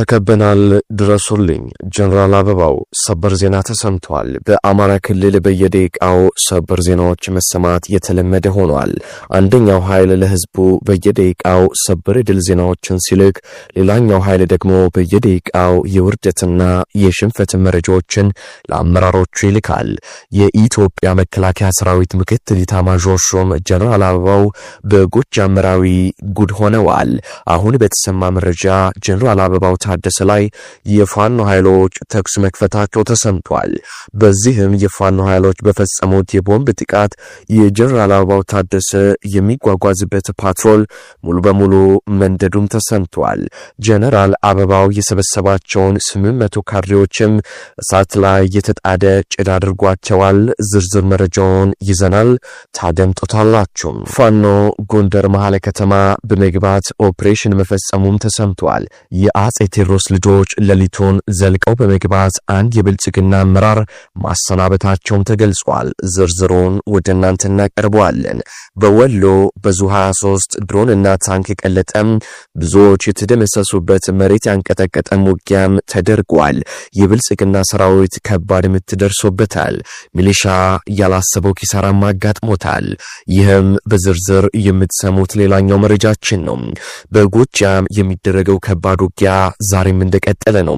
ተከበናል ድረሱልኝ። ጀነራል አበባው ሰበር ዜና ተሰምቷል። በአማራ ክልል በየደቂቃው ሰበር ዜናዎች መሰማት የተለመደ ሆኗል። አንደኛው ኃይል ለህዝቡ በየደቂቃው ሰበር ድል ዜናዎችን ሲልክ፣ ሌላኛው ኃይል ደግሞ በየደቂቃው የውርደትና የሽንፈት መረጃዎችን ለአመራሮቹ ይልካል። የኢትዮጵያ መከላከያ ሰራዊት ምክትል ኢታማዦር ሹም ጀነራል አበባው በጎጃም መራዊ ጉድ ሆነዋል። አሁን በተሰማ መረጃ ጀነራል አበባው ታደሰ ላይ የፋኖ ኃይሎች ተኩስ መክፈታቸው ተሰምቷል። በዚህም የፋኖ ኃይሎች በፈጸሙት የቦምብ ጥቃት የጀነራል አበባው ታደሰ የሚጓጓዝበት ፓትሮል ሙሉ በሙሉ መንደዱም ተሰምቷል። ጀነራል አበባው የሰበሰባቸውን ስምንት መቶ ካድሬዎችም እሳት ላይ የተጣደ ጭድ አድርጓቸዋል። ዝርዝር መረጃውን ይዘናል፣ ታደምጦታላችሁ። ፋኖ ጎንደር መሀለ ከተማ በመግባት ኦፕሬሽን መፈጸሙም ተሰምቷል። የአጼ የቴዎድሮስ ልጆች ሌሊቱን ዘልቀው በመግባት አንድ የብልጽግና አመራር ማሰናበታቸውም ተገልጿል። ዝርዝሩን ወደ እናንተ እናቀርበዋለን። በወሎ በዙ 23 ድሮን እና ታንክ የቀለጠም ብዙዎች የተደመሰሱበት መሬት ያንቀጠቀጠም ውጊያም ተደርጓል። የብልጽግና ሰራዊት ከባድ ምት ደርሶበታል። ሚሊሻ ያላሰበው ኪሳራም አጋጥሞታል። ይህም በዝርዝር የምትሰሙት ሌላኛው መረጃችን ነው። በጎጃም የሚደረገው ከባድ ውጊያ ዛሬም እንደቀጠለ ነው።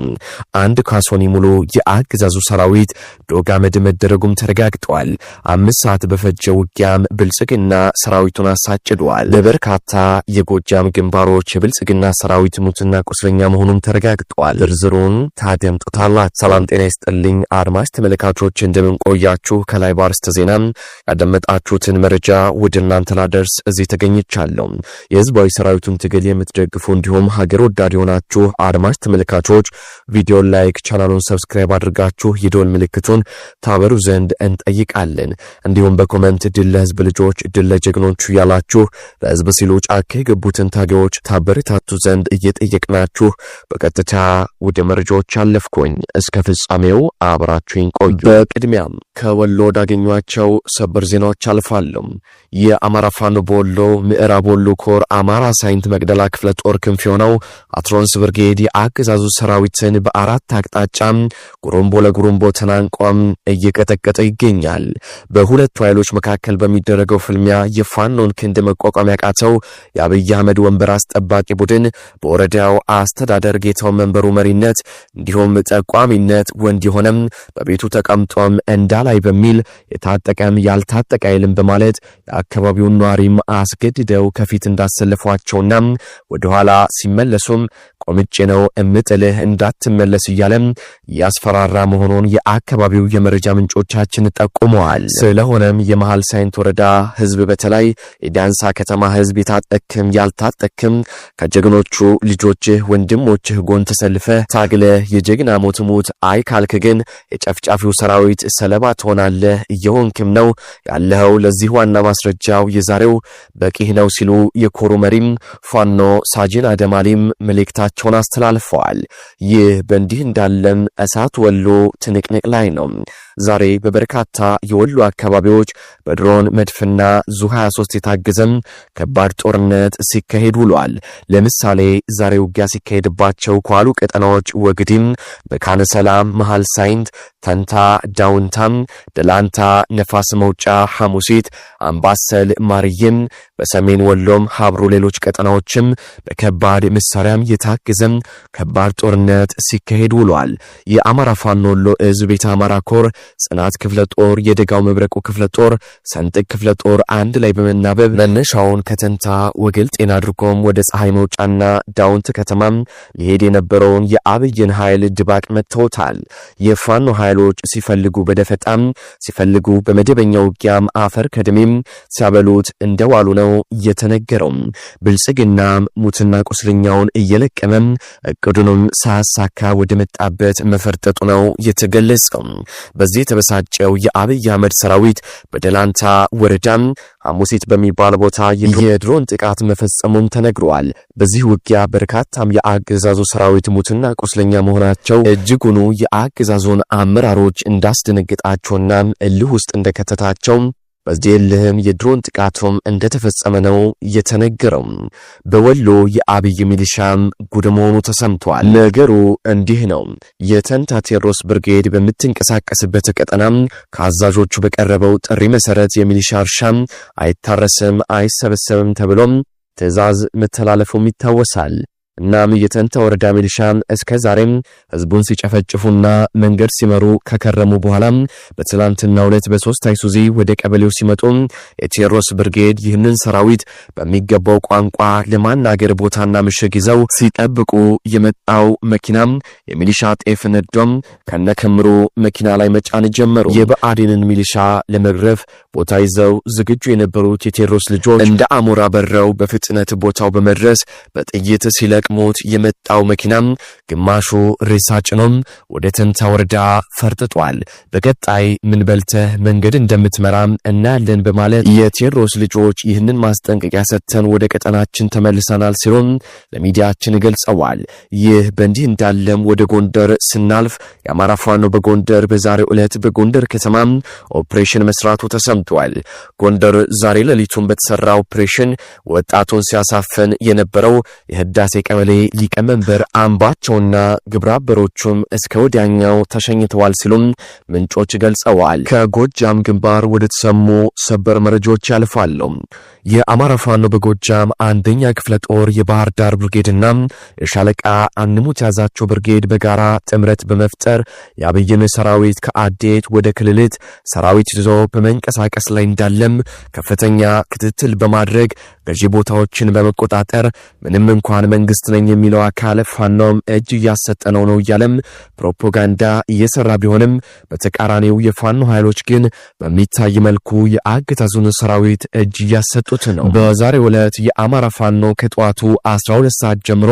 አንድ ካሶኒ ሙሉ የአገዛዙ ሰራዊት ዶግ አመድ መደረጉም ተረጋግጧል። አምስት ሰዓት በፈጀ ውጊያም ብልጽግና ሰራዊቱን አሳጭዷል። በበርካታ የጎጃም ግንባሮች የብልጽግና ሰራዊት ሙትና ቁስለኛ መሆኑም ተረጋግጧል። ዝርዝሩን ታደምጡታላችሁ። ሰላም ጤና ይስጥልኝ አድማጭ ተመልካቾች እንደምንቆያችሁ ከላይ ባርስተ ዜና ያደመጣችሁትን መረጃ ወደ እናንተ ላደርስ እዚህ ተገኝቻለሁ። የህዝባዊ ሰራዊቱን ትግል የምትደግፉ እንዲሁም ሀገር ወዳድ የሆናችሁ አድማጭ ተመልካቾች ቪዲዮን ላይክ፣ ቻናሉን ሰብስክራይብ አድርጋችሁ የደወል ምልክቱን ታበሩ ዘንድ እንጠይቃለን። እንዲሁም በኮመንት ድል ለህዝብ ልጆች፣ ድል ለጀግኖቹ ያላችሁ ለህዝብ ሲሉ ጫካ የገቡትን ታጋዮች ታበረታቱ ዘንድ እየጠየቅናችሁ በቀጥታ ወደ መረጃዎች አለፍኩኝ። እስከ ፍጻሜው አብራችሁኝ ቆዩ። በቅድሚያም ከወሎ ወዳገኟቸው ሰበር ዜናዎች አልፋለሁ። የአማራ ፋኖ በወሎ ምዕራብ ወሎ ኮር አማራ ሳይንት መቅደላ ክፍለ ጦር ክንፍ የሆነው አትሮንስ ብርጌድ የአገዛዙ ሰራዊትን በአራት አቅጣጫ ጉሮምቦ ለጉሮምቦ ተናንቋም እየቀጠቀጠ ይገኛል። በሁለቱ ኃይሎች መካከል በሚደረገው ፍልሚያ የፋኖን ክንድ መቋቋም ያቃተው የአብይ አህመድ ወንበር አስጠባቂ ቡድን በወረዳው አስተዳደር ጌታው መንበሩ መሪነት እንዲሁም ጠቋሚነት ወንድ የሆነም በቤቱ ተቀምጧም እንዳላይ በሚል የታጠቀም ያልታጠቀ አይልም በማለት የአካባቢውን ነዋሪም አስገድደው ከፊት እንዳሰለፏቸውና ወደኋላ ሲመለሱም ቆምጬ ነው እምጥልህ እንዳትመለስ እያለም ያስፈራራ መሆኑን የአካባቢው የመረጃ ምንጮቻችን ጠቁመዋል። ስለሆነም የመሃል ሳይንት ወረዳ ህዝብ በተለይ የዳንሳ ከተማ ህዝብ የታጠክም ያልታጠክም ከጀግኖቹ ልጆችህ ወንድሞችህ ጎን ተሰልፈ ታግለ የጀግና ሞት ሙት፣ አይ ካልክ ግን የጨፍጫፊው ሰራዊት ሰለባ ትሆናለህ እየሆንክም ነው ያለኸው። ለዚህ ዋና ማስረጃው የዛሬው በቂህ ነው ሲሉ የኮሩ መሪም ፋኖ ሳጅን አደማሊም መልእክታቸውን አስተላ ተላልፈዋል። ይህ በእንዲህ እንዳለም እሳት ወሎ ትንቅንቅ ላይ ነው። ዛሬ በበርካታ የወሎ አካባቢዎች በድሮን መድፍና ዙ 23 የታገዘም ከባድ ጦርነት ሲካሄድ ውሏል። ለምሳሌ ዛሬ ውጊያ ሲካሄድባቸው ከዋሉ ቀጠናዎች ወግዲም፣ በካነሰላም፣ መሃል ሳይንት፣ ተንታ፣ ዳውንታም፣ ደላንታ፣ ነፋስ መውጫ፣ ሐሙሲት፣ አምባሰል፣ ማርይም በሰሜን ወሎም ሀብሮ፣ ሌሎች ቀጠናዎችም በከባድ መሳሪያም የታገዘም ከባድ ጦርነት ሲካሄድ ውሏል። የአማራ ፋኖ ወሎ እዝ ቤተ አማራ ኮር ጽናት ክፍለ ጦር፣ የደጋው መብረቁ ክፍለ ጦር፣ ሰንጥቅ ክፍለ ጦር አንድ ላይ በመናበብ መነሻውን ከተንታ ወገል ጤና አድርጎም ወደ ፀሐይ መውጫና ዳውንት ከተማም ሊሄድ የነበረውን የአብይን ኃይል ድባቅ መጥተውታል። የፋኖ ኃይሎች ሲፈልጉ በደፈጣም ሲፈልጉ በመደበኛ ውጊያም አፈር ከድሜም ሲያበሉት እንደዋሉ ነው ነው የተነገረው። ብልጽግና ሙትና ቁስለኛውን እየለቀመም እቅዱንም ሳያሳካ ወደ መጣበት መፈርጠጡ ነው የተገለጸው። በዚህ የተበሳጨው የአብይ አህመድ ሰራዊት በደላንታ ወረዳም ሐሙሲት በሚባል ቦታ የድሮን ጥቃት መፈጸሙም ተነግረዋል። በዚህ ውጊያ በርካታም የአገዛዙ ሰራዊት ሙትና ቁስለኛ መሆናቸው እጅጉኑ የአገዛዙን አመራሮች እንዳስደነግጣቸውና እልህ ውስጥ እንደከተታቸው በዚህ ልህም የድሮን ጥቃቱም እንደተፈጸመ ነው የተነገረው። በወሎ የአብይ ሚሊሻም ጉድ መሆኑ ተሰምቷል። ነገሩ እንዲህ ነው። የተንታ ቴዎድሮስ ብርጌድ በምትንቀሳቀስበት ቀጠናም ከአዛዦቹ በቀረበው ጥሪ መሰረት የሚሊሻ እርሻም አይታረስም አይሰበሰብም ተብሎም ትዕዛዝ መተላለፉም ይታወሳል። እናም የተንታ ወረዳ ሚሊሻ እስከ ዛሬም ህዝቡን ሲጨፈጭፉና መንገድ ሲመሩ ከከረሙ በኋላም በትላንትና ሁለት በሶስት አይሱዚ ወደ ቀበሌው ሲመጡ የቴዎድሮስ ብርጌድ ይህንን ሰራዊት በሚገባው ቋንቋ ለማናገር ቦታና ምሽግ ይዘው ሲጠብቁ የመጣው መኪናም የሚሊሻ ጤፍ ነዶም ከነከምሩ መኪና ላይ መጫን ጀመሩ። የብአዴንን ሚሊሻ ለመግረፍ ቦታ ይዘው ዝግጁ የነበሩት የቴዎድሮስ ልጆች እንደ አሞራ በረው በፍጥነት ቦታው በመድረስ በጥይት ሲለቅ ሞት የመጣው መኪናም ግማሹ ሬሳ ጭኖም ወደ ተንታ ወረዳ ፈርጥጧል። በቀጣይ ምን በልተህ መንገድ እንደምትመራም እናያለን በማለት የቴዎድሮስ ልጆች ይህንን ማስጠንቀቂያ ሰጥተን ወደ ቀጠናችን ተመልሰናል ሲሉም ለሚዲያችን ገልጸዋል። ይህ በእንዲህ እንዳለም ወደ ጎንደር ስናልፍ የአማራ ፋኖ በጎንደር በዛሬ ዕለት በጎንደር ከተማ ኦፕሬሽን መስራቱ ተሰምቷል። ጎንደር ዛሬ ሌሊቱን በተሰራ ኦፕሬሽን ወጣቱን ሲያሳፈን የነበረው የህዳሴ ቀበሌ ሊቀመንበር አምባቸውና ግብረአበሮቹም እስከ ወዲያኛው ተሸኝተዋል ሲሉም ምንጮች ገልጸዋል። ከጎጃም ግንባር ወደ ተሰሙ ሰበር መረጃዎች ያልፋሉ። የአማራ ፋኖ በጎጃም አንደኛ ክፍለ ጦር የባህር ዳር ብርጌድና የሻለቃ አንሙት ያዛቸው ብርጌድ በጋራ ጥምረት በመፍጠር የአብይን ሰራዊት ከአዴት ወደ ክልልት ሰራዊት ይዞ በመንቀሳቀስ ላይ እንዳለም ከፍተኛ ክትትል በማድረግ ገዢ ቦታዎችን በመቆጣጠር ምንም እንኳን መንግስት ነኝ የሚለው አካል ፋኖም እጅ እያሰጠነው ነው እያለም ፕሮፓጋንዳ እየሰራ ቢሆንም በተቃራኒው የፋኖ ኃይሎች ግን በሚታይ መልኩ የአገዛዙን ሰራዊት እጅ እያሰጡት ነው። በዛሬው ዕለት የአማራ ፋኖ ከጠዋቱ 12 ሰዓት ጀምሮ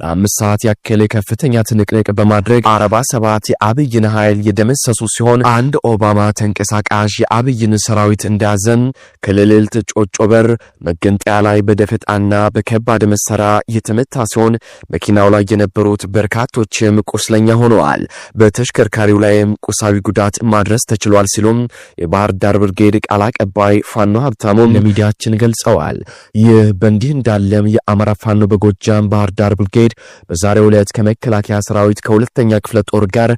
ለአምስት ሰዓት ያክል ከፍተኛ ትንቅንቅ በማድረግ 47 የአብይን ኃይል የደመሰሱ ሲሆን አንድ ኦባማ ተንቀሳቃሽ የአብይን ሰራዊት እንዳያዘም ክልልት ጮጮበር መገንጠ ኢትዮጵያ ላይ በደፈጣና በከባድ መሳሪያ የተመታ ሲሆን መኪናው ላይ የነበሩት በርካቶችም ቁስለኛ ሆነዋል። በተሽከርካሪው ላይም ቁሳዊ ጉዳት ማድረስ ተችሏል ሲሉም የባህር ዳር ብርጌድ ቃል አቀባይ ፋኖ ሀብታሙም ለሚዲያችን ገልጸዋል። ይህ በእንዲህ እንዳለም የአማራ ፋኖ በጎጃም ባህር ዳር ብርጌድ በዛሬው ዕለት ከመከላከያ ሰራዊት ከሁለተኛ ክፍለ ጦር ጋር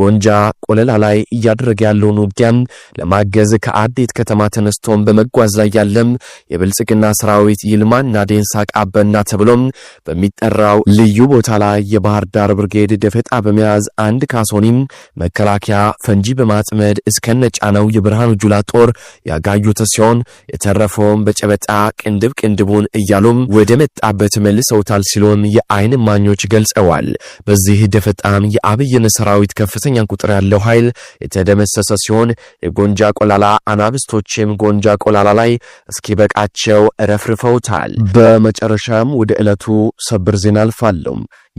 ጎንጃ ቆለላ ላይ እያደረገ ያለውን ውጊያም ለማገዝ ከአዴት ከተማ ተነስቶም በመጓዝ ላይ ያለም የብልጽግና ሰራዊት ይልማና ዴንሳ ቃበና ተብሎም በሚጠራው ልዩ ቦታ ላይ የባህር ዳር ብርጌድ ደፈጣ በመያዝ አንድ ካሶኒም መከላከያ ፈንጂ በማጥመድ እስከነጫነው የብርሃኑ ጁላ ጦር ያጋዩት ሲሆን የተረፈውም በጨበጣ ቅንድብ ቅንድቡን እያሉም ወደ መጣበት መልሰውታል ሲሉም የአይን ማኞች ገልጸዋል። በዚህ ደፈጣም የአብይን ሰራዊት ከፍተ ከፍተኛ ቁጥር ያለው ኃይል የተደመሰሰ ሲሆን የጎንጃ ቆላላ አናብስቶችም ጎንጃ ቆላላ ላይ እስኪበቃቸው ረፍርፈውታል። በመጨረሻም ወደ ዕለቱ ሰብር ዜና አልፋለሁ።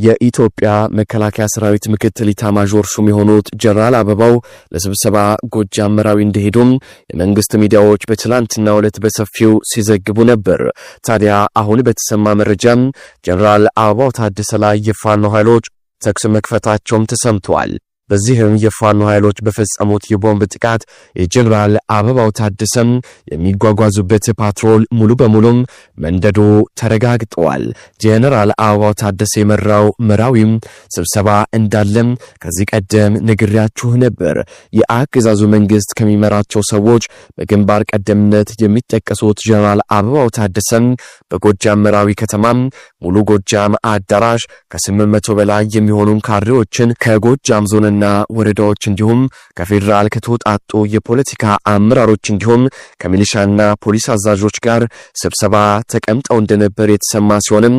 የኢትዮጵያ መከላከያ ሰራዊት ምክትል ኢታማዦር ሹም የሆኑት ጀነራል አበባው ለስብሰባ ጎጃም መራዊ እንደሄዱም የመንግስት ሚዲያዎች በትላንትናው ዕለት በሰፊው ሲዘግቡ ነበር። ታዲያ አሁን በተሰማ መረጃም ጀነራል አበባው ታደሰ ላይ የፋኖ ኃይሎች ተኩስ መክፈታቸውም ተሰምተዋል። በዚህም የፋኖ ኃይሎች በፈጸሙት የቦምብ ጥቃት የጀኔራል አበባው ታደሰም የሚጓጓዙበት ፓትሮል ሙሉ በሙሉም መንደዶ ተረጋግጠዋል። ጀኔራል አበባው ታደሰ የመራው መራዊም ስብሰባ እንዳለም ከዚህ ቀደም ነግሬያችሁ ነበር። የአገዛዙ መንግስት ከሚመራቸው ሰዎች በግንባር ቀደምነት የሚጠቀሱት ጀኔራል አበባው ታደሰም በጎጃም መራዊ ከተማም ሙሉ ጎጃም አዳራሽ ከ800 በላይ የሚሆኑ ካድሬዎችን ከጎጃም ዞን ዋና ወረዳዎች እንዲሁም ከፌዴራል ከተውጣጡ የፖለቲካ አመራሮች እንዲሁም ከሚሊሻና ፖሊስ አዛዦች ጋር ስብሰባ ተቀምጠው እንደነበር የተሰማ ሲሆንም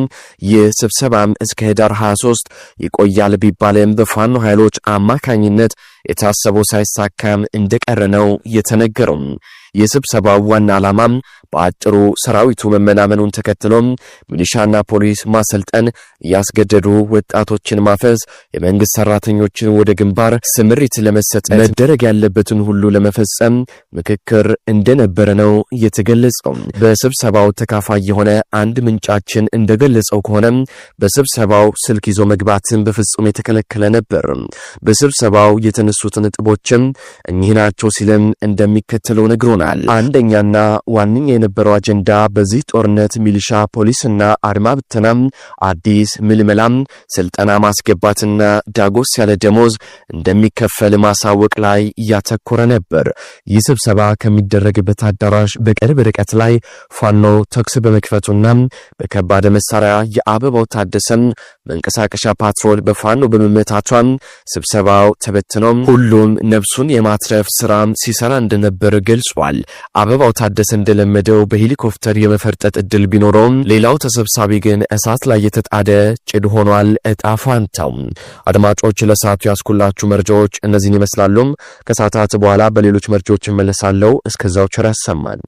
ይህ ስብሰባም እስከ ህዳር 23 ይቆያል ቢባልም በፋኖ ኃይሎች አማካኝነት የታሰበው ሳይሳካም እንደቀረ ነው የተነገረው። የስብሰባው ዋና ዓላማም በአጭሩ ሰራዊቱ መመናመኑን ተከትሎም ሚሊሻና ፖሊስ ማሰልጠን፣ እያስገደዱ ወጣቶችን ማፈዝ፣ የመንግስት ሰራተኞችን ወደ ግንባር ስምሪት ለመሰጠት መደረግ ያለበትን ሁሉ ለመፈጸም ምክክር እንደነበረ ነው የተገለጸው። በስብሰባው ተካፋይ የሆነ አንድ ምንጫችን እንደገለጸው ከሆነም በስብሰባው ስልክ ይዞ መግባትን በፍጹም የተከለከለ ነበር። በስብሰባው የተነ የተነሱት ነጥቦችም እኚህ ናቸው ሲልም እንደሚከተለው ነግሮናል። አንደኛና ዋነኛ የነበረው አጀንዳ በዚህ ጦርነት ሚሊሻ ፖሊስና አድማ ብተናም አዲስ ምልመላም ስልጠና ማስገባትና ዳጎስ ያለ ደሞዝ እንደሚከፈል ማሳወቅ ላይ እያተኮረ ነበር። ይህ ስብሰባ ከሚደረግበት አዳራሽ በቅርብ ርቀት ላይ ፋኖ ተኩስ በመክፈቱና በከባድ መሳሪያ የአበባው ታደሰን መንቀሳቀሻ ፓትሮል በፋኖ በመመታቷን ስብሰባው ተበትኖም ሁሉም ነፍሱን የማትረፍ ስራም ሲሰራ እንደነበር ገልጿል። አበባው ታደሰ እንደለመደው በሄሊኮፕተር የመፈርጠጥ እድል ቢኖረውም ሌላው ተሰብሳቢ ግን እሳት ላይ የተጣደ ጭድ ሆኗል። እጣ ፋንታው አድማጮች፣ ለሰዓቱ ያስኩላችሁ መረጃዎች እነዚህን ይመስላሉም። ከሰዓታት በኋላ በሌሎች መረጃዎች እመለሳለሁ። እስከዛው ቸር ያሰማን።